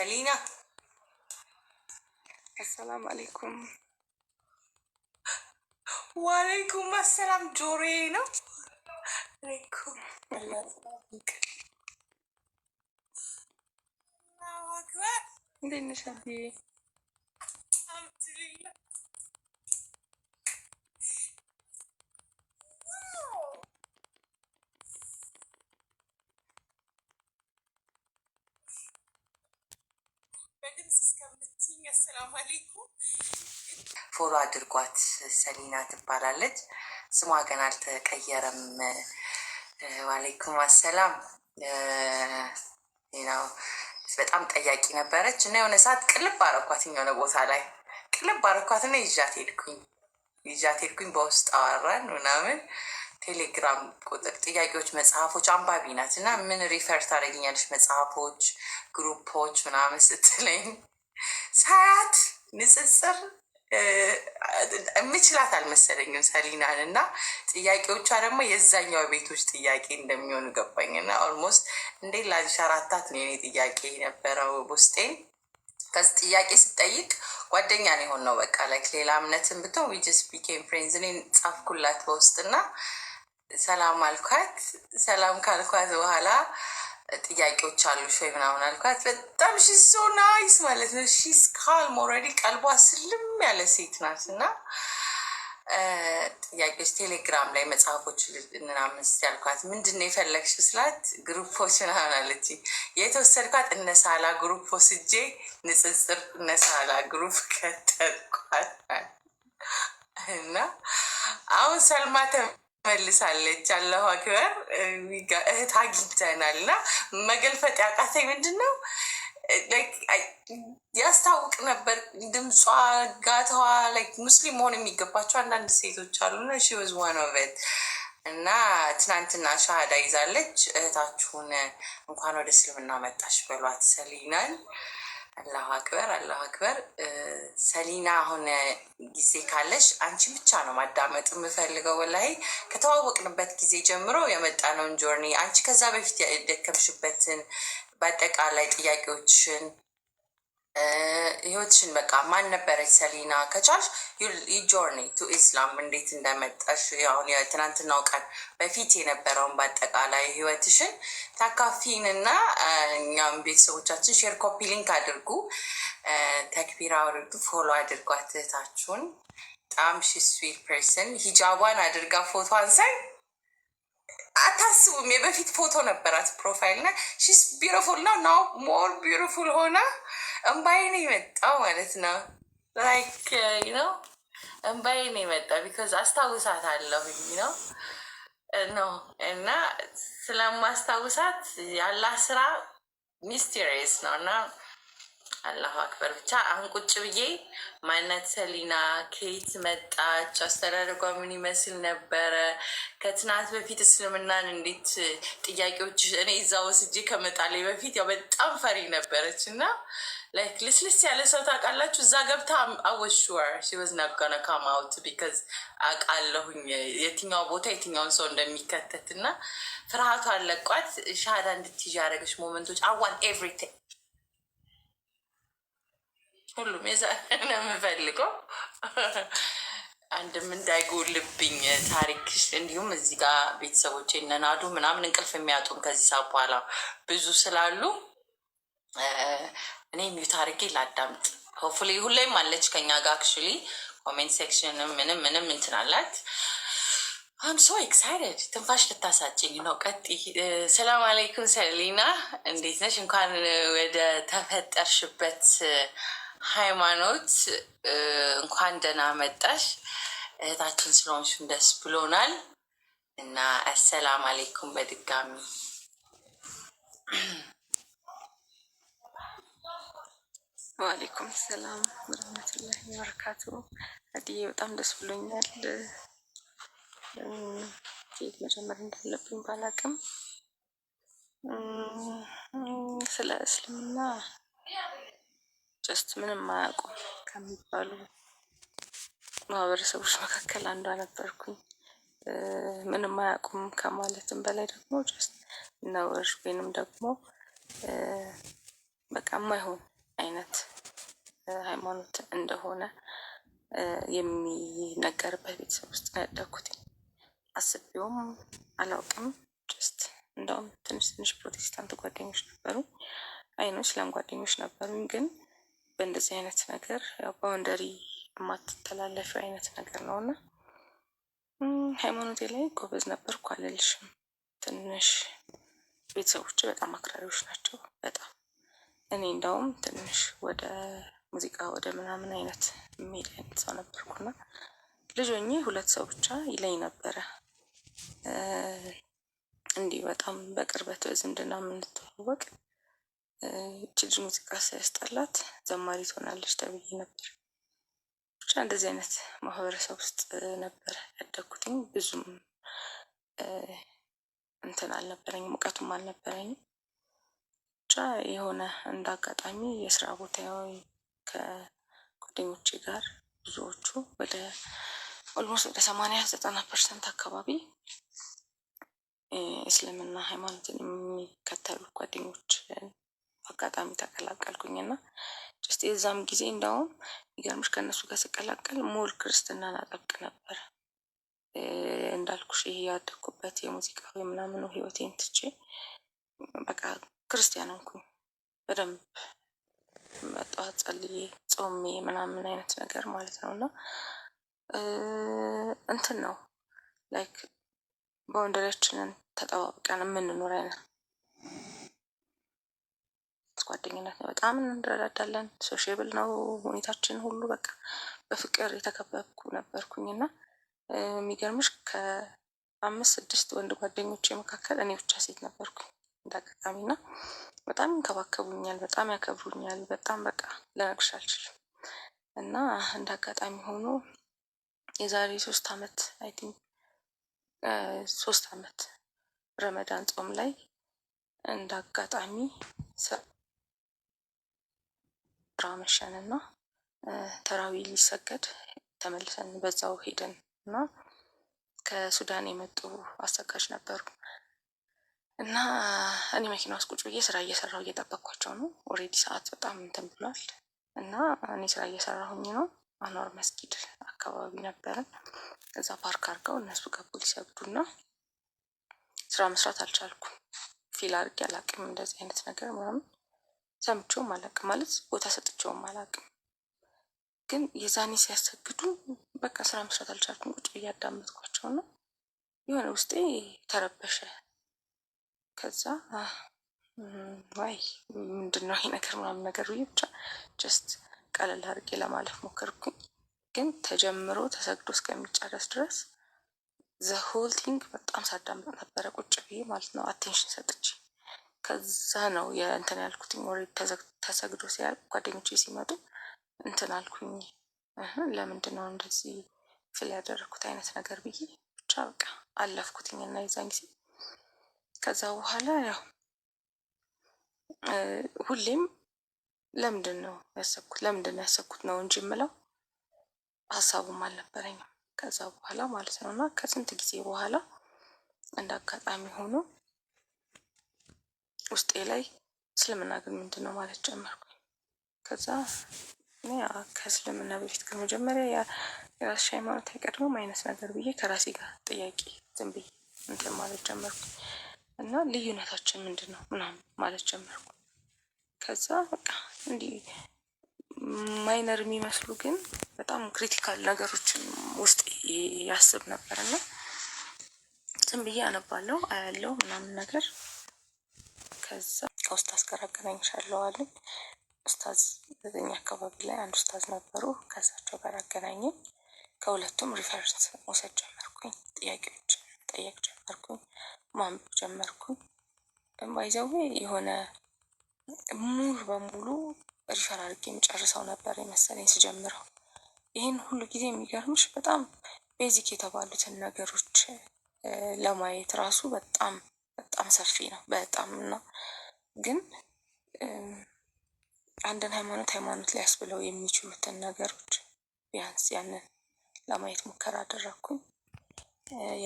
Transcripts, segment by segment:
سالينا السلام عليكم وعليكم السلام جورينا عليكم الله أكبر دينا شادي ፎሎ አድርጓት። ሰሊና ትባላለች። ስሟ ገና አልተቀየረም። ዋሌይኩም አሰላም። በጣም ጠያቂ ነበረች እና የሆነ ሰዓት ቅልብ አረኳት፣ የሆነ ቦታ ላይ ቅልብ አረኳት እና ይዣት ሄድኩኝ ይዣት ሄድኩኝ። በውስጥ አወራን ምናምን ቴሌግራም ቁጥር ጥያቄዎች፣ መጽሐፎች አንባቢ ናት እና ምን ሪፈር ታደርጊኛለች መጽሐፎች፣ ግሩፖች ምናምን ስትለኝ ሳያት ንጽጽር የምችላት አልመሰለኝም ሰሊናን እና ጥያቄዎቿ ደግሞ የዛኛው ቤቶች ጥያቄ እንደሚሆን ገባኝ እና ኦልሞስት እንዴ ላንሸራታት ነው የኔ ጥያቄ የነበረው ውስጤን ከዚህ ጥያቄ ስጠይቅ ጓደኛ ነው የሆን ነው በቃ ላይክ ሌላ እምነትን ብትሆን ዊጅስ ቢኬም ፍሬንዝ እኔ ጻፍኩላት በውስጥ እና ሰላም አልኳት ሰላም ካልኳት በኋላ ጥያቄዎች አሉ ወይ ምናምን አልኳት። በጣም ሺዝ ሶ ናይስ ማለት ነው። ሺስ ካልም ኦልሬዲ ቀልቧ ስልም ያለ ሴት ናት እና ጥያቄዎች ቴሌግራም ላይ መጽሐፎች ምናምን ስ ያልኳት ምንድን ነው የፈለግሽው ስላት ግሩፖች ምናምን አለች። የተወሰድኳት እነሳላ ግሩፕ ወስጄ ንጽጽር እነሳላ ግሩፕ ከተልኳት እና አሁን ሰልማ መልሳለች። አላሁ አክበር እህት አግኝተናል። እና መገልፈጥ ያቃተኝ ምንድን ነው ያስታውቅ ነበር ድምጿ፣ ጋተዋ ሙስሊም መሆን የሚገባቸው አንዳንድ ሴቶች አሉ። ሺ ወዝ ዋን ኦፍ ኢት እና ትናንትና ሻሃዳ ይዛለች። እህታችሁን እንኳን ወደ እስልምና መጣሽ በሏት ሰሊናል አላሁ አክበር አላሁ አክበር። ሰሊና አሁን ጊዜ ካለሽ አንቺ ብቻ ነው ማዳመጥ የምፈልገው። ወላሂ ከተዋወቅንበት ጊዜ ጀምሮ የመጣነውን ጆርኒ አንቺ ከዛ በፊት የደከምሽበትን በአጠቃላይ ጥያቄዎችን ህይወትሽን በቃ ማን ነበረች ሰሊና ከቻልሽ ጆርኒ ቱ ኢስላም እንዴት እንደመጣሽ አሁን የትናንትናው ቀን በፊት የነበረውን በአጠቃላይ ህይወትሽን ታካፊን እና እኛም ቤተሰቦቻችን ሼር ኮፒ ሊንክ አድርጉ፣ ተክቢር አውርዱ፣ ፎሎ አድርጉ እህታችሁን። በጣም ስዊት ፐርሰን ሂጃቧን አድርጋ ፎቶ አንሳይ አታስቡም። የበፊት ፎቶ ነበራት ፕሮፋይል ና ሺስ ቢሮፉል ና ናው ሞር ቢሮፉል ሆና እምባዬ ነው የመጣው ማለት ነው። ላይክ ነው uh, እምባዬ ነው የመጣው ቢኮዝ አስታውሳት አለሁኝ ነው ነው እና ስለማስታውሳት ያላህ ስራ ሚስቴሪየስ ነው እና አላሁ አክበር ብቻ። አሁን ቁጭ ብዬ ማናት ሰሊና ከየት መጣች፣ አስተዳደጓ ምን ይመስል ነበረ፣ ከትናንት በፊት እስልምናን እንዴት ጥያቄዎች እኔ እዛ ወስጄ ከመጣሌ በፊት ያው በጣም ፈሪ ነበረች እና ላይክ ልስልስ ያለ ሰው ታውቃላችሁ። እዛ ገብታ አወዝ ሹር ሺ ወዝ ናት ጋና ካም አውት ቢካዝ አውቃለሁኝ የትኛው ቦታ የትኛውን ሰው እንደሚከተት እና ፍርሃቷ አለቋት። ሻሃዳ እንድትይዥ ያደረገች ሞመንቶች አዋን ኤቭሪቲንግ ሁሉም የዛ ነው የምፈልገው። አንድም እንዳይጎልብኝ ታሪክ እንዲሁም እዚህ ጋር ቤተሰቦቼ እነናዱ ምናምን እንቅልፍ የሚያጡም ከዚህ ሰዓት በኋላ ብዙ ስላሉ እኔ ሚዩት አድርጌ ላዳምጥ። ሆፍሊ ሁሌም አለች ከኛ ጋር አክቹሊ ኮሜንት ሴክሽንም ምንም ምንም እንትን አላት። አም ሶ ኤክሳይትድ ትንፋሽ ልታሳጭኝ ነው። ቀጥ ሰላም አለይኩም ሰሊና፣ እንዴት ነሽ? እንኳን ወደ ተፈጠርሽበት ሃይማኖት እንኳን ደህና መጣሽ። እህታችን ስለሆንሽም ደስ ብሎናል እና አሰላም አለይኩም በድጋሚ ዋአሌይኩም ሰላም ወረህመቱላሂ በረካቱ። አዲዬ በጣም ደስ ብሎኛል። ከየት መጀመር እንዳለብኝ ባላቅም ስለ እስልምና ጀስት ምንም አያውቁም ከሚባሉ ማህበረሰቦች መካከል አንዷ ነበርኩኝ። ምንም አያውቁም ከማለትም በላይ ደግሞ ጀስት ነውር ወይንም ደግሞ በቃ ማይሆን አይነት ሃይማኖት እንደሆነ የሚነገርበት ቤተሰብ ውስጥ ነው ያደኩት። አስቤውም አላውቅም። ጀስት እንደውም ትንሽ ትንሽ ፕሮቴስታንት ጓደኞች ነበሩ፣ አይኖች እስላም ጓደኞች ነበሩኝ። ግን በእንደዚህ አይነት ነገር ያው ባውንደሪ የማትተላለፊ አይነት ነገር ነው እና ሃይማኖቴ ላይ ጎበዝ ነበርኩ አልልሽም። ትንሽ ቤተሰቦች በጣም አክራሪዎች ናቸው በጣም እኔ እንደውም ትንሽ ወደ ሙዚቃ ወደ ምናምን አይነት የሚሄድ አይነት ሰው ነበርኩና ልጅ ሁለት ሰው ብቻ ይለኝ ነበረ። እንዲህ በጣም በቅርበት በዝምድና የምንተዋወቅ ይቺ ልጅ ሙዚቃ ሳያስጠላት ዘማሪ ትሆናለች ተብዬ ነበር። ብቻ እንደዚህ አይነት ማህበረሰብ ውስጥ ነበረ ያደግኩትኝ። ብዙም እንትን አልነበረኝም፣ እውቀቱም አልነበረኝም። ብቻ የሆነ እንደ አጋጣሚ የስራ ቦታዬ ከጓደኞቼ ጋር ብዙዎቹ ወደ ኦልሞስት ወደ ሰማንያ ዘጠና ፐርሰንት አካባቢ እስልምና ሃይማኖትን የሚከተሉ ጓደኞች አጋጣሚ ተቀላቀልኩኝና ጀስት የዛም ጊዜ እንደውም ይገርምሽ ከእነሱ ጋር ስቀላቀል ሞል ክርስትናን አጠብቅ ነበር። እንዳልኩሽ ይሄ ያደግኩበት የሙዚቃዊ ምናምኑ ህይወቴን ትቼ በቃ ክርስቲያን ሆንኩኝ። በደንብ መጠዋት ጸልዬ ጾሜ ምናምን አይነት ነገር ማለት ነው እና እንትን ነው ላይክ በወንደሪያችንን ተጠባብቀን የምንኖር አይነት ጓደኝነት ነው። በጣም እንረዳዳለን። ሶሽብል ነው ሁኔታችን ሁሉ በቃ በፍቅር የተከበብኩ ነበርኩኝ እና የሚገርምሽ ከአምስት ስድስት ወንድ ጓደኞቼ መካከል እኔ ብቻ ሴት ነበርኩኝ። እንዳጋጣሚ እና በጣም ይንከባከቡኛል፣ በጣም ያከብሩኛል። በጣም በቃ ልነግርሽ አልችልም። እና እንዳጋጣሚ ሆኖ የዛሬ ሶስት አመት አይ ቲንክ ሶስት አመት ረመዳን ጾም ላይ እንዳጋጣሚ ስራ መሸን እና ተራዊ ሊሰገድ ተመልሰን በዛው ሄደን እና ከሱዳን የመጡ አሰጋጅ ነበሩ እና እኔ መኪና ውስጥ ቁጭ ብዬ ስራ እየሰራሁ እየጠበቅኳቸው ነው። ኦልሬዲ ሰዓት በጣም እንትን ብሏል እና እኔ ስራ እየሰራሁኝ ነው። አኗር መስጊድ አካባቢ ነበረን። እዛ ፓርክ አድርገው እነሱ ገቡ ሊሰግዱና ስራ መስራት አልቻልኩም። ፊል አድርጌ አላቅም እንደዚህ አይነት ነገር ምናምን ሰምቼውም አላቅም፣ ማለት ቦታ ሰጥቼውም አላቅም። ግን የዛኔ ሲያሰግዱ በቃ ስራ መስራት አልቻልኩም። ቁጭ ብዬ አዳመጥኳቸው ነው የሆነ ውስጤ ተረበሸ። ከዛ ዋይ ምንድን ነው ይሄ ነገር ምናምን ነገር ብዬ ብቻ ጀስት ቀለል አድርጌ ለማለፍ ሞከርኩኝ። ግን ተጀምሮ ተሰግዶ እስከሚጨረስ ድረስ ዘ ሆል ቲንግ በጣም ሳዳምጥ ነበረ ቁጭ ብዬ ማለት ነው፣ አቴንሽን ሰጥቼ። ከዛ ነው የእንትን ያልኩትኝ ኦልሬዲ ተሰግዶ ሲያልቅ ጓደኞች ሲመጡ እንትን አልኩኝ፣ ለምንድን ነው እንደዚህ ፍል ያደረግኩት አይነት ነገር ብዬ ብቻ በቃ አለፍኩትኝ እና የዛን ጊዜ ከዛ በኋላ ያው ሁሌም ለምንድን ነው ያሰብኩት ለምንድን ነው ያሰብኩት ነው እንጂ የምለው ሀሳቡም አልነበረኝም። ከዛ በኋላ ማለት ነው እና ከስንት ጊዜ በኋላ እንደ አጋጣሚ ሆኖ ውስጤ ላይ እስልምና ግን ምንድን ነው ማለት ጀመርኩኝ። ከዛ ከእስልምና በፊት ግን መጀመሪያ የራስሽ ሃይማኖት አይቀድመም አይነት ነገር ብዬ ከራሴ ጋር ጥያቄ ዝም ብዬ እንትን ማለት ጀመርኩኝ። እና ልዩነታችን ምንድን ነው ምናምን ማለት ጀመርኩ። ከዛ በቃ እንዲህ ማይነር የሚመስሉ ግን በጣም ክሪቲካል ነገሮችን ውስጥ ያስብ ነበር እና ዝም ብዬ አነባለው አያለው ምናምን ነገር ከዛ ከኡስታዝ ጋር አገናኝሻለሁ አለኝ። ኡስታዝ ዘጠኝ አካባቢ ላይ አንድ ኡስታዝ ነበሩ። ከእሳቸው ጋር አገናኘኝ። ከሁለቱም ሪፈረንስ መውሰድ ጀመርኩኝ። ጥያቄዎች ጠየቅ ጀመርኩኝ። ማንበብ ጀመርኩኝ። ባይዘው የሆነ ሙሉ በሙሉ ሪፈር አድርጌ የምጨርሰው ነበር የመሰለኝ ስጀምረው። ይህን ሁሉ ጊዜ የሚገርምሽ በጣም ቤዚክ የተባሉትን ነገሮች ለማየት ራሱ በጣም በጣም ሰፊ ነው። በጣም እና ግን አንድን ሃይማኖት ሃይማኖት ሊያስብለው የሚችሉትን ነገሮች ቢያንስ ያንን ለማየት ሙከራ አደረግኩኝ።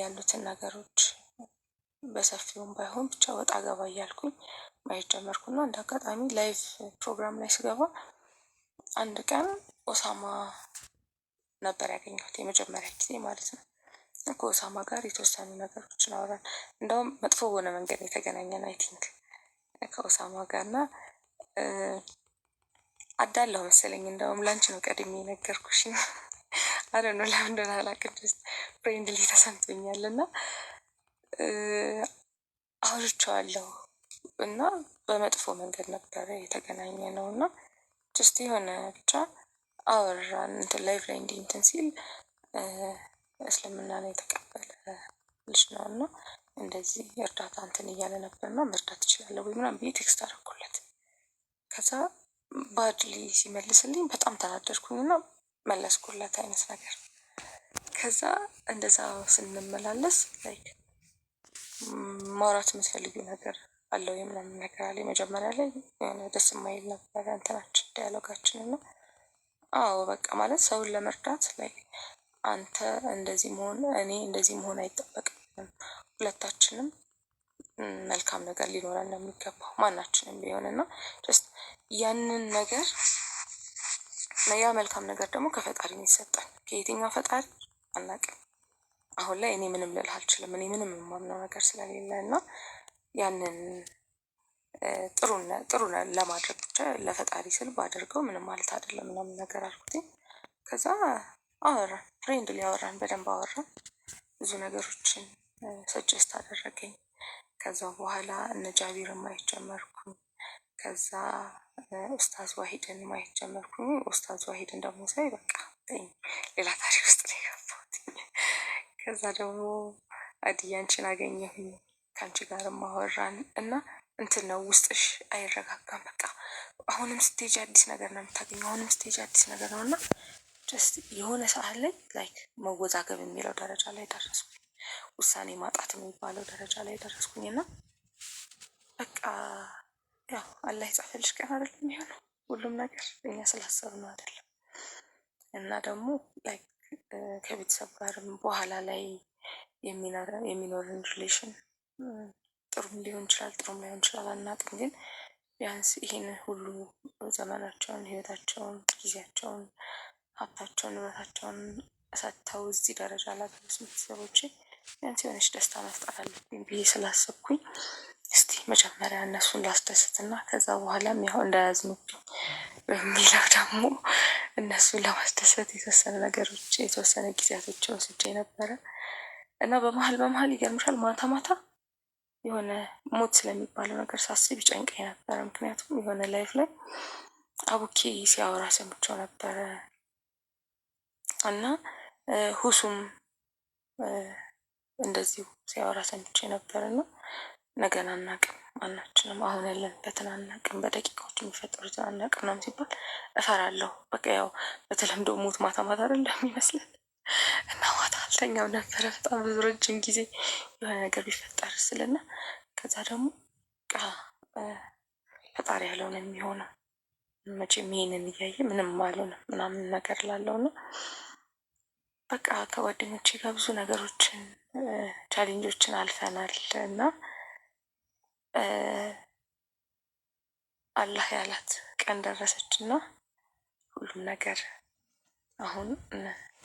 ያሉትን ነገሮች በሰፊውም ባይሆን ብቻ ወጣ ገባ እያልኩኝ ማየት ጀመርኩና እንደ አጋጣሚ ላይቭ ፕሮግራም ላይ ስገባ አንድ ቀን ኦሳማ ነበር ያገኘሁት የመጀመሪያ ጊዜ ማለት ነው። ከኦሳማ ጋር የተወሰኑ ነገሮችን አወራን። እንደውም መጥፎ በሆነ መንገድ የተገናኘን አይ ቲንክ ከኦሳማ ጋር እና አዳለሁ መሰለኝ። እንደውም ላንች ነው ቀድሜ የነገርኩሽ። አለ ነው ለምንድን አላቅድስ ፍሬንድሊ ተሰምቶኛል እና አውርቼዋለሁ እና በመጥፎ መንገድ ነበረ የተገናኘ ነው እና ጀስት የሆነ ብቻ አወራን እንትን ላይቭ ላይ እንዲህ እንትን ሲል እስልምና ነው የተቀበለ ልጅ ነው እና እንደዚህ እርዳታ እንትን እያለ ነበርና መርዳት ይችላለ ወይ ምናምን ብዬ ቴክስት አደረኩለት። ከዛ ባድሊ ሲመልስልኝ በጣም ተናደድኩኝና መለስኩለት አይነት ነገር። ከዛ እንደዛ ስንመላለስ ላይክ ማውራት የምትፈልጊው ነገር አለው የምናምን ነገር አለ። መጀመሪያ ላይ የሆነ ደስ የማይል ነበረ እንትናችን ዳያሎጋችን እና አዎ በቃ ማለት ሰውን ለመርዳት ላይ አንተ እንደዚህ መሆን እኔ እንደዚህ መሆን አይጠበቅም። ሁለታችንም መልካም ነገር ሊኖረን ነው የሚገባው ማናችንም ቢሆን እና ያንን ነገር ያ መልካም ነገር ደግሞ ከፈጣሪ የሚሰጠን ከየትኛው ፈጣሪ አናውቅም። አሁን ላይ እኔ ምንም ልል አልችልም። እኔ ምንም የማምነው ነገር ስለሌለ እና ያንን ጥሩ ለማድረግ ብቻ ለፈጣሪ ስል ባደርገው ምንም ማለት አይደለም ምናምን ነገር አልኩት። ከዛ አወራን፣ ፍሬንድ ሊያወራን በደንብ አወራን። ብዙ ነገሮችን ሰጀስት አደረገኝ። ከዛ በኋላ እነ ጃቢርን ማየት ጀመርኩኝ። ከዛ ኡስታዝ ዋሂድን ማየት ጀመርኩኝ። ኡስታዝ ዋሂድን ደግሞ ሳይ በቃ ሌላ ታሪክ ውስጥ ነው ከዛ ደግሞ አድያንችን አገኘሁኝ ከአንቺ ጋር ማወራን እና እንትን ነው ውስጥሽ አይረጋጋም። በቃ አሁንም ስቴጅ አዲስ ነገር ነው የምታገኘው። አሁንም ስቴጅ አዲስ ነገር ነው እና ጀስት የሆነ ሰዓት ላይ ላይክ መወዛገብ የሚለው ደረጃ ላይ ደረስኩኝ። ውሳኔ ማጣት የሚባለው ደረጃ ላይ ደረስኩኝ እና በቃ ያው አላህ የጻፈልሽ ቀን አይደለም የሚሆነው ሁሉም ነገር እኛ ስላሰብነው አይደለም እና ደግሞ ላይክ ከቤተሰብ ጋር በኋላ ላይ የሚኖርን ሪሌሽን ጥሩም ሊሆን ይችላል፣ ጥሩም ላይሆን ይችላል፣ አናውቅም። ግን ቢያንስ ይህን ሁሉ ዘመናቸውን፣ ህይወታቸውን፣ ጊዜያቸውን፣ ሀብታቸውን፣ ንብረታቸውን ሰጥተው እዚህ ደረጃ ላገኙት ቤተሰቦች ቢያንስ የሆነች ደስታ መፍጠር አለብኝ ብዬ ስላሰብኩኝ እስቲ መጀመሪያ እነሱን እና ከዛ በኋላም ያው እንዳያዝኑብኝ በሚለው ደግሞ እነሱን ለማስደሰት የተወሰነ ነገሮች የተወሰነ ጊዜያቶችን ወስጄ ነበረ እና በመሀል በመሀል ይገርምሻል ማታ ማታ የሆነ ሞት ስለሚባለው ነገር ሳስብ ይጨንቀኝ ነበረ። ምክንያቱም የሆነ ላይፍ ላይ አቡኬ ሲያወራ ሰምቼው ነበረ እና ሁሱም እንደዚሁ ሲያወራ ሰምቼ ነበር እና ነገን አናውቅም ማናችንም አሁን ያለንበትን አናቅም። በደቂቃዎች የሚፈጠሩ አናቅም ነው ሲባል እፈራለሁ። በቃ ያው በተለምዶ ሞት ማታ ማታ እንደሚመስለን እና ማታ አልተኛው ነበረ በጣም ብዙ ረጅም ጊዜ የሆነ ነገር ቢፈጠር ስልና ከዛ ደግሞ ቃ ፈጣሪ ያለው ነው የሚሆነው። መቼም ይሄንን እያየ ምንም አልሆንም ምናምን ነገር ላለው ነው በቃ ከጓደኞቼ ጋር ብዙ ነገሮችን ቻሌንጆችን አልፈናል እና አላህ ያላት ቀን ደረሰች እና ሁሉም ነገር አሁን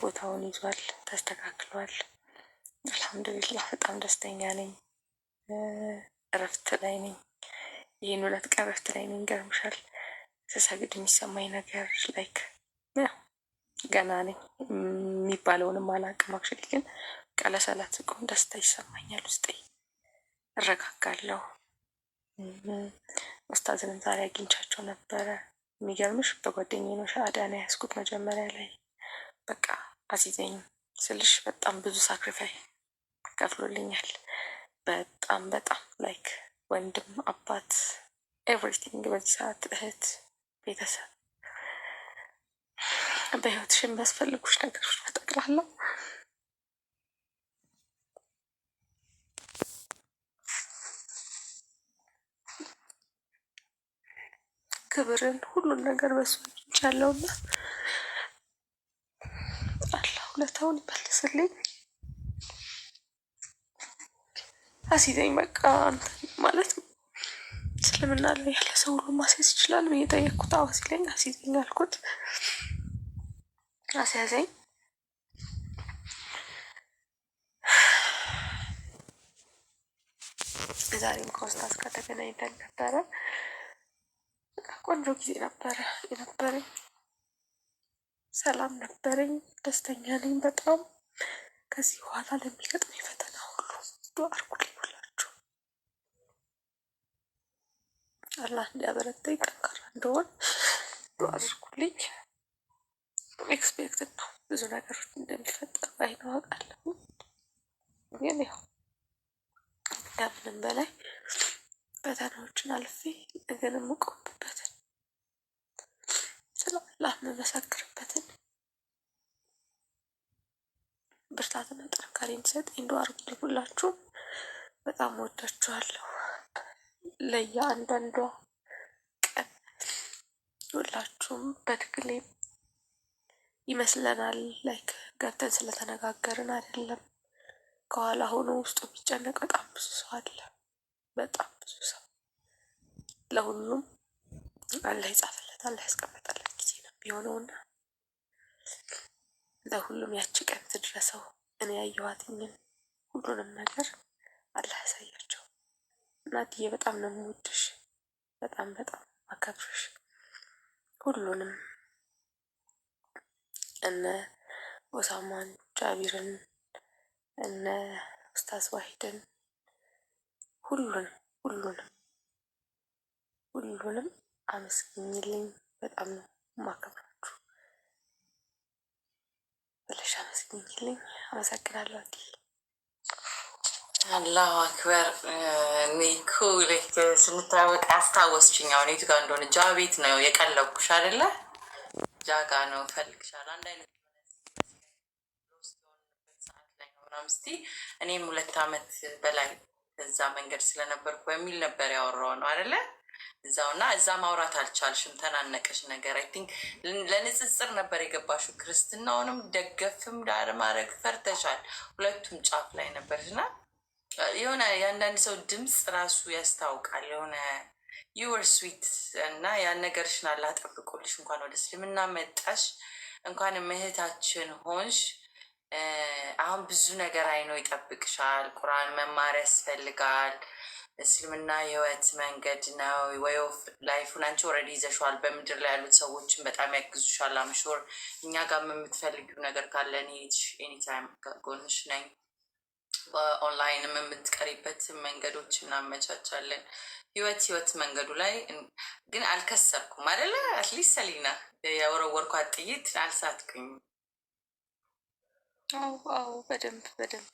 ቦታውን ይዟል፣ ተስተካክሏል። አልሐምዱሊላህ በጣም ደስተኛ ነኝ። እረፍት ላይ ነኝ። ይህን ሁለት ቀን እረፍት ላይ ነኝ። ገርምሻል ስሰግድ የሚሰማኝ ነገር ላይክ ገና ነኝ የሚባለውንም አላቅም። አክቹዋሊ ግን ቃለ ሰላት ስቆም ደስታ ይሰማኛል፣ ውስጤ እረጋጋለሁ። ኡስታዝንም ዛሬ አግኝቻቸው ነበረ። የሚገርምሽ በጓደኛዬ ነው ሻእዳን ያስኩት መጀመሪያ ላይ በቃ አዚዘኝ ስልሽ በጣም ብዙ ሳክሪፋይ ከፍሎልኛል። በጣም በጣም ላይክ ወንድም፣ አባት፣ ኤቭሪቲንግ በዚህ ሰዓት እህት፣ ቤተሰብ፣ በህይወትሽ የሚያስፈልጉሽ ነገሮች በጠቅላላው ክብርን፣ ሁሉን ነገር በሱ አግኝቻለሁና አላህ ሁለታውን ይመልስልኝ። አሲዘኝ በቃ አንተ ማለት እስልምና ላይ ያለ ሰው ሁሉ ማስያዝ ይችላል ብዬ ጠየቅኩት። አዎ ሲለኝ አሲዘኝ አልኩት። አስያዘኝ። ዛሬም ከውስጣት ጋር ተገናኝተን ነበረ። በቃ ቆንጆ ጊዜ ነበረ የነበረኝ። ሰላም ነበረኝ። ደስተኛ ነኝ በጣም። ከዚህ በኋላ ለሚገጥም ፈተና ሁሉ ዱ አድርጉልኝ ሁላችሁ። አላህ እንዲያበረታኝ ጠንካራ እንደሆን ዱአ አድርጉልኝ። ኤክስፔክት ነው ብዙ ነገሮች እንደሚፈጠሩ አይነዋቃለሁ ግን ያው ከምንም በላይ ፈተናዎችን አልፌ እግር የምቆምበትን ስለ አላህ የምመሰክርበትን ብርታትና ጥንካሬ እንዲሰጥ እንዶ አርጉልኝ። ሁላችሁም በጣም ወዳችኋለሁ። ለየአንዳንዷ ቀን ሁላችሁም በትግሌ ይመስለናል ላይክ ገብተን ስለተነጋገርን አይደለም። ከኋላ ሆኖ ውስጡ የሚጨነቅ በጣም ብዙ ሰው አለ። በጣም ብዙ ሰው ለሁሉም አላህ ይጻፍለት አላህ ያስቀመጠለት ጊዜ ነው የሚሆነውና ለሁሉም ያቺ ቀን ትድረሰው። እኔ ያየኋትኝን ሁሉንም ነገር አላህ ያሳያቸው። እናትዬ በጣም ነው የምወድሽ፣ በጣም በጣም አከብርሽ። ሁሉንም እነ ኦሳማን ጃቢርን፣ እነ ኡስታዝ ዋሂድን ሁሉንም ሁሉንም ሁሉንም አመስግኝልኝ በጣም ነው ማከብራችሁ ብለሽ አመስግኝልኝ። አመሰግናለሁ። እንዲ አላሁ አክበር። እኔ እኮ ስንታወቅ አስታወስችኝ። አሁን የቱ ጋር እንደሆነ ጃ ቤት ነው የቀለብኩሽ አይደለ? ጃ ጋ ነው ፈልግሻል። አንድ አይነት ምናምን እስኪ እኔም ሁለት አመት በላይ እዛ መንገድ ስለነበርኩ በሚል ነበር ያወራው ነው አደለ? እዛው እና እዛ ማውራት አልቻልሽም፣ ተናነቀሽ ነገር አይ ቲንክ ለንጽጽር ነበር የገባሽው። ክርስትናውንም ደገፍም ዳር ማድረግ ፈርተሻል። ሁለቱም ጫፍ ላይ ነበርሽና የሆነ የአንዳንድ ሰው ድምፅ ራሱ ያስታውቃል። የሆነ ዩወር ስዊት እና ያን ነገርሽን አላጠብቁልሽ እንኳን ወደ እስልምና መጣሽ፣ እንኳን እህታችን ሆንሽ። አሁን ብዙ ነገር አይኖ ይጠብቅሻል። ቁርአን መማር ያስፈልጋል። እስልምና የህይወት መንገድ ነው። ወይ ኦፍ ላይፉን አንቺ ኦልሬዲ ይዘሻል። በምድር ላይ ያሉት ሰዎችን በጣም ያግዙሻል። አምሾር እኛ ጋር የምትፈልጊው ነገር ካለ እኔ ኤኒታይም ጎንሽ ነኝ። ኦንላይንም የምትቀሪበት መንገዶች እናመቻቻለን። ህይወት ህይወት መንገዱ ላይ ግን አልከሰርኩም አደለ? አትሊስት ሰሊና የወረወርኳት ጥይት አልሳትኩኝም። አዎ አዎ፣ በደንብ በደንብ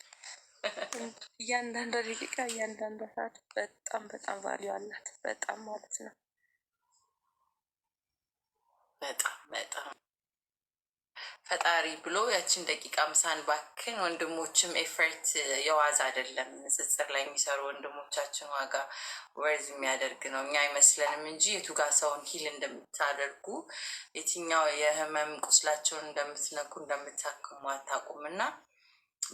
እያንዳንዷ ደቂቃ እያንዳንዷ ሰዓት በጣም በጣም ቫሊዩ አላት። በጣም ማለት ነው። በጣም በጣም ፈጣሪ ብሎ ያችን ደቂቃ ምሳን ባክን። ወንድሞችም ኤፈርት የዋዛ አይደለም። ንጽጽር ላይ የሚሰሩ ወንድሞቻችን ዋጋ ወርዝ የሚያደርግ ነው። እኛ አይመስለንም እንጂ የቱጋ ሰውን ሂል እንደምታደርጉ የትኛው የህመም ቁስላቸውን እንደምትነኩ እንደምታክሙ አታውቁም እና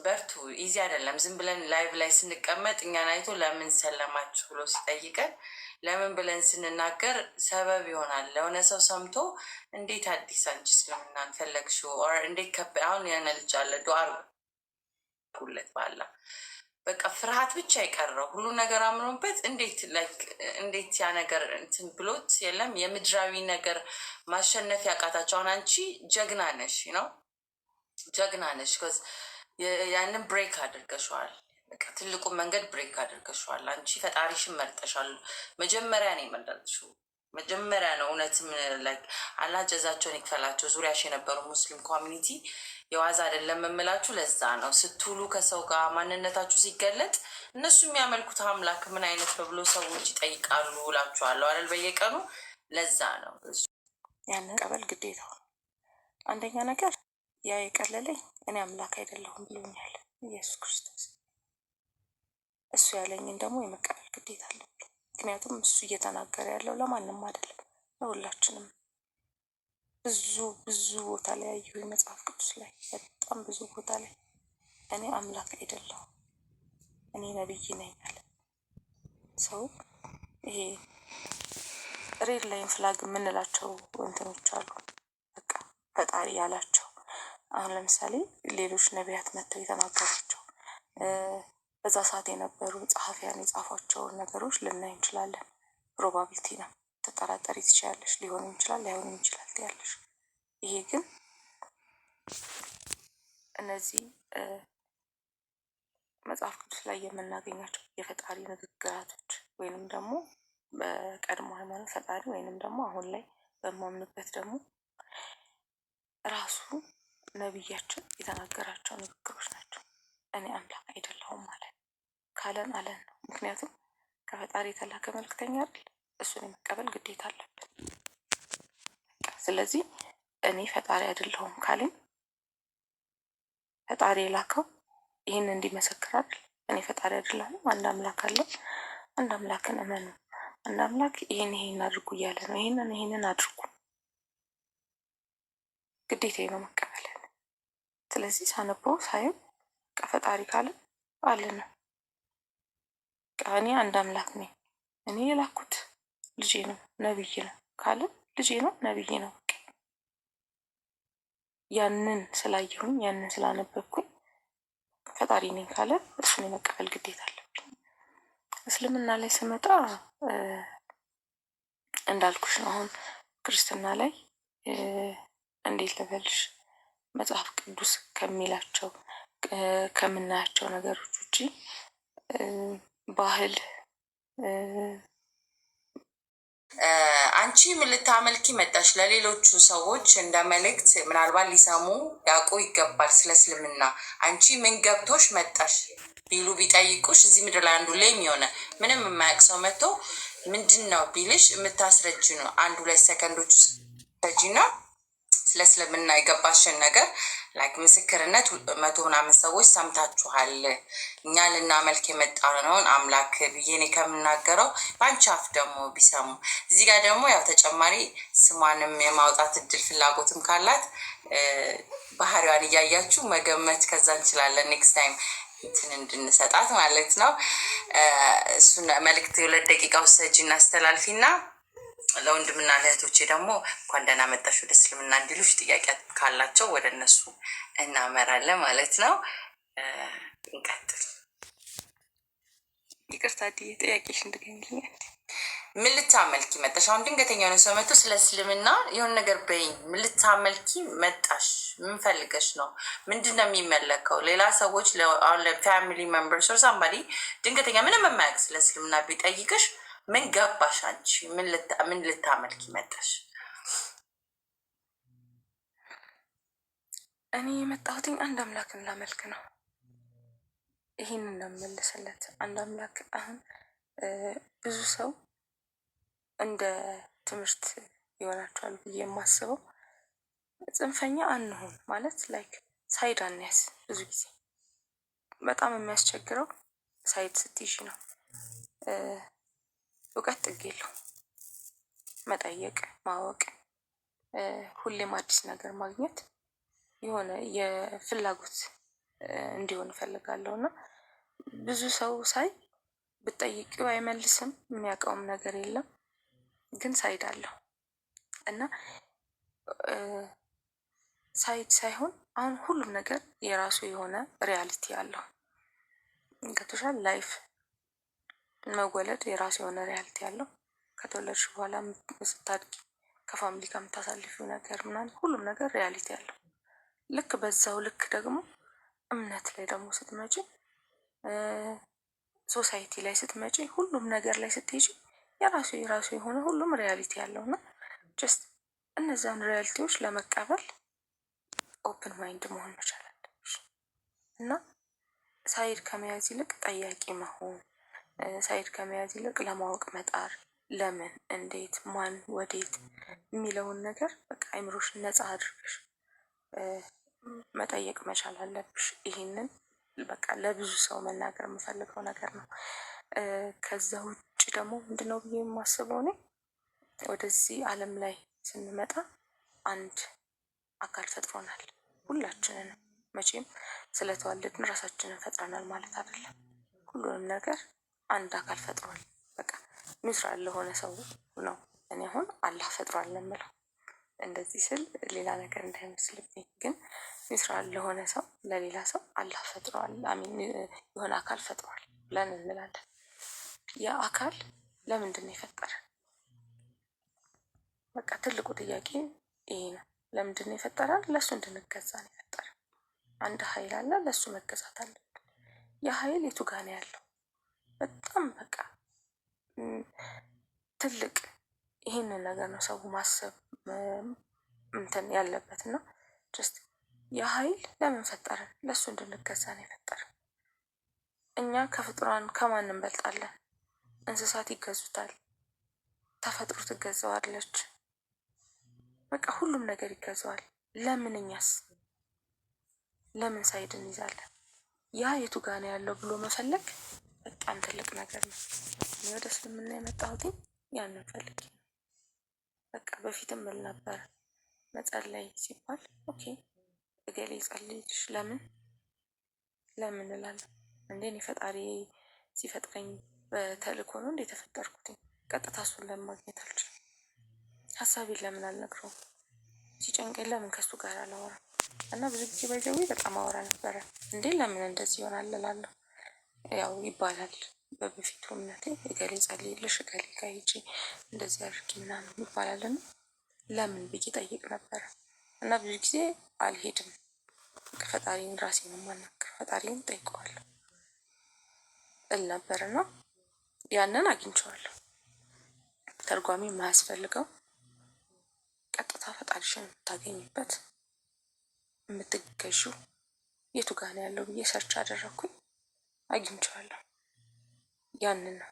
በርቱ ኢዚ አይደለም። ዝም ብለን ላይቭ ላይ ስንቀመጥ እኛን አይቶ ለምን ሰለማችሁ ብሎ ሲጠይቀን ለምን ብለን ስንናገር ሰበብ ይሆናል ለሆነ ሰው ሰምቶ እንዴት አዲስ አንቺ እስልምናን ፈለግሽ እንዴት ከብ አሁን የሆነ ልጅ አለ ዱዓ አድርጉለት ባላ በቃ ፍርሃት ብቻ የቀረው ሁሉ ነገር አምኖበት እንዴት እንዴት ያ ነገር እንትን ብሎት የለም የምድራዊ ነገር ማሸነፍ ያቃታቸው። አሁን አንቺ ጀግና ነሽ ነው ጀግና ነሽ ያንን ብሬክ አድርገሸዋል። ትልቁ መንገድ ብሬክ አድርገሸዋል። አንቺ ፈጣሪሽን መርጠሻል። መጀመሪያ ነው የመረጥሽው። መጀመሪያ ነው እውነትም አላህ ጀዛቸውን ይክፈላቸው። ዙሪያሽ የነበሩ ሙስሊም ኮሚኒቲ የዋዛ አይደለም የምላችሁ ለዛ ነው። ስትውሉ ከሰው ጋር ማንነታችሁ ሲገለጥ እነሱ የሚያመልኩት አምላክ ምን አይነት በብሎ ሰዎች ይጠይቃሉ እላችኋለሁ አይደል? በየቀኑ ለዛ ነው ያንን ቀበል ግዴታ አንደኛ ነገር ያ የቀለለኝ እኔ አምላክ አይደለሁም ብሎኛል ኢየሱስ ክርስቶስ። እሱ ያለኝን ደግሞ የመቀበል ግዴታ አለ። ምክንያቱም እሱ እየተናገረ ያለው ለማንም አይደለም፣ ለሁላችንም። ብዙ ብዙ ቦታ ላይ ያየሁ መጽሐፍ ቅዱስ ላይ በጣም ብዙ ቦታ ላይ እኔ አምላክ አይደለሁም እኔ ነብይ ነኝ አለ ሰው። ይሄ ሬድ ላይን ፍላግ የምንላቸው እንትኖች አሉ። በቃ ፈጣሪ ያላቸው አሁን ለምሳሌ ሌሎች ነቢያት መጥተው የተናገሯቸው በዛ ሰዓት የነበሩ ጸሐፊያን የጻፏቸውን ነገሮች ልናይ እንችላለን። ፕሮባቢሊቲ ነው። ተጠራጠሪ ትችያለሽ። ሊሆን ይችላል፣ ላይሆን ይችላል ትያለሽ። ይሄ ግን እነዚህ መጽሐፍ ቅዱስ ላይ የምናገኛቸው የፈጣሪ ንግግራቶች ወይንም ደግሞ በቀድሞ ሃይማኖት ፈጣሪ ወይንም ደግሞ አሁን ላይ በማምንበት ደግሞ ራሱ ነቢያችን የተናገራቸው ንግግሮች ናቸው። እኔ አምላክ አይደለሁም ማለት ካለን አለን ነው። ምክንያቱም ከፈጣሪ የተላከ መልክተኛ አይደል? እሱን የመቀበል ግዴታ አለብን። ስለዚህ እኔ ፈጣሪ አይደለሁም ካለኝ ፈጣሪ የላከው ይህን እንዲመሰክር አይደል? እኔ ፈጣሪ አይደለሁም፣ አንድ አምላክ አለ፣ አንድ አምላክን እመኑ፣ አንድ አምላክ ይህን ይህን አድርጉ እያለ ነው። ይህንን ይህንን አድርጉ ግዴታ የመመከ ስለዚህ ሳነበው ሳየው ፈጣሪ ካለ አለ ነው። እኔ አንድ አምላክ ነኝ፣ እኔ የላኩት ልጄ ነው ነብይ ነው ካለ ልጄ ነው ነብይ ነው። ያንን ስላየሁኝ ያንን ስላነበብኩኝ ፈጣሪ ነኝ ካለ እሱን የመቀበል ግዴታ አለብኝ። እስልምና ላይ ስመጣ እንዳልኩሽ ነው። አሁን ክርስትና ላይ እንዴት ልበልሽ መጽሐፍ ቅዱስ ከሚላቸው ከምናያቸው ነገሮች ውጭ ባህል አንቺ ምን ልታመልኪ መጣሽ? ለሌሎቹ ሰዎች እንደ መልእክት ምናልባት ሊሰሙ ያውቁ ይገባል። ስለ እስልምና አንቺ ምን ገብቶሽ መጣሽ ቢሉ ቢጠይቁሽ፣ እዚህ ምድር ላይ አንዱ ላይም የሆነ ምንም የማያውቅ ሰው መጥቶ ምንድን ነው ቢልሽ የምታስረጅ ነው አንድ ሁለት ሰከንዶች ሰጂ ነው ስለ እስልምና የገባሽን ነገር ላይክ ምስክርነት መቶ ምናምን ሰዎች ሰምታችኋል። እኛ ልናመልክ የመጣነውን አምላክ ብዬኔ ከምናገረው በአንቺ አፍ ደግሞ ቢሰሙ እዚህ ጋር ደግሞ ያው ተጨማሪ ስሟንም የማውጣት እድል ፍላጎትም ካላት ባህሪዋን እያያችሁ መገመት ከዛ እንችላለን ኔክስት ታይም እንትን እንድንሰጣት ማለት ነው። እሱን መልእክት ሁለት ደቂቃ ውሰጅ እናስተላልፊና ለወንድምና ለእህቶቼ ደግሞ እንኳን ደህና መጣሽ ወደ እስልምና እንዲሉሽ ጥያቄ ካላቸው ወደ እነሱ እናመራለን ማለት ነው። እንቀጥል። ይቅርታ ዲ ጥያቄሽ እንድገኝልኛል። ምን ልታመልኪ መጣሽ? አሁን ድንገተኛ የሆነ ሰው መጥቶ ስለ እስልምና የሆን ነገር በይኝ፣ ምን ልታመልኪ መጣሽ? ምን ፈልገሽ ነው? ምንድን ነው የሚመለከው? ሌላ ሰዎች ለፋሚሊ መምበርስ ሳምባዲ ድንገተኛ ምንም የማያውቅ ስለ እስልምና ቢጠይቅሽ ምን ገባሽ አንቺ? ምን ልታመልክ ይመጣሽ? እኔ የመጣሁትኝ አንድ አምላክን ላመልክ ነው። ይህን እንደምመልስለት አንድ አምላክ። አሁን ብዙ ሰው እንደ ትምህርት ይሆናቸዋል ብዬ የማስበው ጽንፈኛ አንሆን ማለት ላይክ ሳይድ አንያዝ። ብዙ ጊዜ በጣም የሚያስቸግረው ሳይድ ስትይሽ ነው። እውቀት ጥግ የለው። መጠየቅ፣ ማወቅ፣ ሁሌም አዲስ ነገር ማግኘት የሆነ የፍላጎት እንዲሆን እፈልጋለሁ እና ብዙ ሰው ሳይ ብጠይቂው አይመልስም፣ የሚያውቀውም ነገር የለም። ግን ሳይድ አለው እና ሳይድ ሳይሆን አሁን ሁሉም ነገር የራሱ የሆነ ሪያሊቲ አለው። ገብቶሻል ላይፍ መወለድ የራሱ የሆነ ሪያልቲ ያለው ከተወለድሽ በኋላ ስታድጊ ከፋሚሊ ጋር የምታሳልፊው ነገር ምናምን ሁሉም ነገር ሪያሊቲ ያለው ልክ በዛው ልክ ደግሞ እምነት ላይ ደግሞ ስትመጪ ሶሳይቲ ላይ ስትመጪ ሁሉም ነገር ላይ ስትሄጂ የራሱ የራሱ የሆነ ሁሉም ሪያሊቲ ያለው እና ጀስት እነዛን ሪያሊቲዎች ለመቀበል ኦፕን ማይንድ መሆን መቻል አለብሽ እና ሳይድ ከመያዝ ይልቅ ጠያቂ መሆን ሳይድ ከመያዝ ይልቅ ለማወቅ መጣር ለምን፣ እንዴት፣ ማን፣ ወዴት የሚለውን ነገር በቃ አይምሮሽ ነፃ አድርገሽ መጠየቅ መቻል አለብሽ። ይህንን በቃ ለብዙ ሰው መናገር የምፈልገው ነገር ነው። ከዛ ውጭ ደግሞ ምንድነው ብዬ የማስበው እኔ ወደዚህ ዓለም ላይ ስንመጣ አንድ አካል ፈጥሮናል ሁላችንንም። መቼም ስለተዋለድን ራሳችንን ፈጥረናል ማለት አይደለም። ሁሉንም ነገር አንድ አካል ፈጥሯል። በቃ ኒውትራል ለሆነ ሰው ነው እኔ አሁን አላህ ፈጥሯል ለምለው እንደዚህ ስል ሌላ ነገር እንዳይመስልብኝ፣ ግን ኒውትራል ለሆነ ሰው ለሌላ ሰው አላህ ፈጥሯል አሚን የሆነ አካል ፈጥሯል ብለን እንላለን። ያ አካል ለምንድን ነው የፈጠረ? በቃ ትልቁ ጥያቄ ይሄ ነው። ለምንድን ነው የፈጠረን? ለእሱ እንድንገዛ ነው የፈጠረ። አንድ ኃይል አለ፣ ለእሱ መገዛት አለብን። ያ ኃይል የቱ ጋ ነው ያለው? በጣም በቃ ትልቅ ይህንን ነገር ነው ሰው ማሰብ እንትን ያለበት እና ጀስት የሀይል ለምን ፈጠርን? ለእሱ እንድንገዛ ነው የፈጠረን። እኛ ከፍጡራን ከማን እንበልጣለን? እንስሳት ይገዙታል፣ ተፈጥሮ ትገዛዋለች፣ በቃ ሁሉም ነገር ይገዛዋል። ለምን እኛስ ለምን ሳይድ እንይዛለን? ያ የቱ ጋ ነው ያለው ብሎ መፈለግ በጣም ትልቅ ነገር ነው። እኔ ወደ እስልምና የመጣሁት ያንን ፈልጌ ነው። በቃ በፊትም ብል ነበር መጸለይ ሲባል ኦኬ እገሌ ጸልይልሽ ለምን ለምን እላለሁ። እንዴ እኔ ፈጣሪ ሲፈጥረኝ በተልእኮ ነው እንዴ የተፈጠርኩትኝ። ቀጥታ እሱን ለምን ማግኘት አልችልም? ሀሳቤን ለምን አልነግረውም? ሲጨንቀኝ ለምን ከሱ ጋር አላወራም? እና ብዙ ጊዜ በጀዊ በጣም አወራ ነበረ። እንዴ ለምን እንደዚህ ይሆናል እላለሁ። ያው ይባላል በበፊቱ እምነቴ እገሌ ጸልይልሽ፣ እገሌ ጋ ሂጂ እንደዚህ አድርጊ ምናምን ይባላል። እና ለምን ብዬ ጠይቅ ነበረ እና ብዙ ጊዜ አልሄድም። ፈጣሪን ራሴ ነው የማናገር፣ ፈጣሪን ጠይቀዋለሁ እል ነበር እና ያንን አግኝቼዋለሁ። ተርጓሚ የማያስፈልገው ቀጥታ ፈጣሪሽን የምታገኝበት የምትገዢው የቱ ነው ያለው ብዬ ሰርች አደረግኩኝ። አግኝቼዋለሁ። ያንን ነው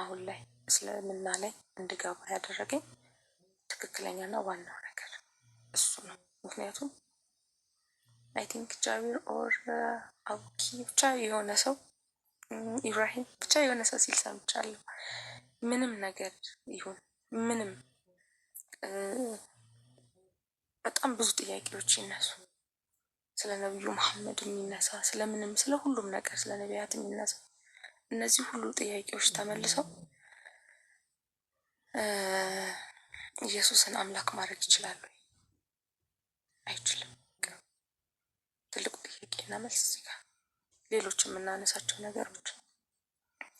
አሁን ላይ እስልምና ላይ እንድገባ ያደረገኝ ትክክለኛና ዋናው ነገር እሱ ነው። ምክንያቱም አይ ቲንክ ጃቢር ኦር አቡኪ ብቻ የሆነ ሰው ኢብራሂም ብቻ የሆነ ሰው ሲል ሰምቻለሁ። ምንም ነገር ይሁን ምንም በጣም ብዙ ጥያቄዎች ይነሱ ስለ ነቢዩ መሐመድ የሚነሳ ስለምንም ስለ ሁሉም ነገር ስለ ነቢያት የሚነሳ እነዚህ ሁሉ ጥያቄዎች ተመልሰው ኢየሱስን አምላክ ማድረግ ይችላሉ? አይችልም። ትልቁ ጥያቄና መልስ እዚህ ጋ። ሌሎች የምናነሳቸው ነገሮች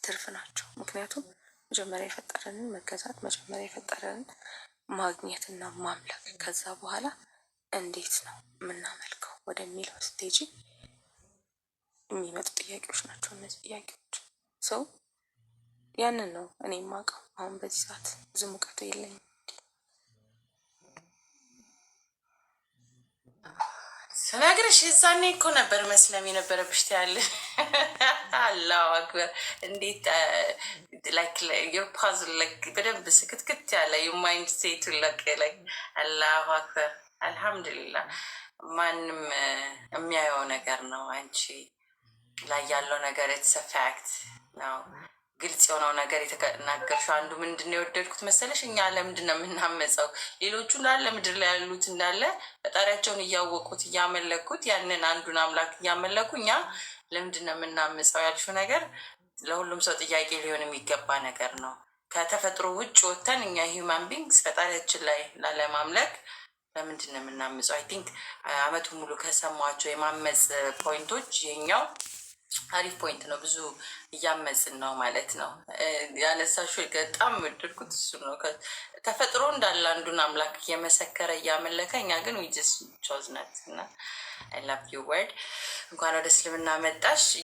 ትርፍ ናቸው። ምክንያቱም መጀመሪያ የፈጠረንን መገዛት፣ መጀመሪያ የፈጠረንን ማግኘትና ማምለክ፣ ከዛ በኋላ እንዴት ነው የምናመልከው ወደሚለው ስቴጅ የሚመጡ ጥያቄዎች ናቸው። እነዚህ ጥያቄዎች ሰው ያንን ነው እኔ የማውቀው። አሁን በዚህ ሰዓት ብዙ ሙቀቱ የለኝም። ስነግርሽ እዛኔ እኮ ነበር መስለም የነበረብሽ ያለ አላሁ አክበር! እንዴት ላይክ ዮር ፓዝል በደንብ ስክትክት ያለ የማይንድ ሴቱ ላይክ አላሁ አክበር አልሐምዱሊላ ማንም የሚያየው ነገር ነው። አንቺ ላይ ያለው ነገር የተሰፋያክት ነው። ግልጽ የሆነው ነገር የተናገርሽው አንዱ ምንድን ነው የወደድኩት መሰለሽ፣ እኛ ለምንድን ነው የምናመፀው? ሌሎቹ እንዳለ ምድር ላይ ያሉት እንዳለ ፈጣሪያቸውን እያወቁት እያመለኩት፣ ያንን አንዱን አምላክ እያመለኩ እኛ ለምንድን ነው የምናመፀው? ያልሽው ነገር ለሁሉም ሰው ጥያቄ ሊሆን የሚገባ ነገር ነው። ከተፈጥሮ ውጭ ወጥተን እኛ ሂውማን ቢንግስ ፈጣሪያችን ላይ ላለማምለክ በምንድን ነው የምናምጸው? አይ ቲንክ አመቱ ሙሉ ከሰማቸው የማመፅ ፖይንቶች ይሄኛው አሪፍ ፖይንት ነው። ብዙ እያመፅን ነው ማለት ነው። ያነሳሹ በጣም የወደድኩት እሱ ነው። ተፈጥሮ እንዳለ አንዱን አምላክ እየመሰከረ እያመለከ እኛ ግን ዊጅስ ቾዝነት እና ላቭ ዩ ወርድ እንኳን ወደ እስልምና መጣሽ።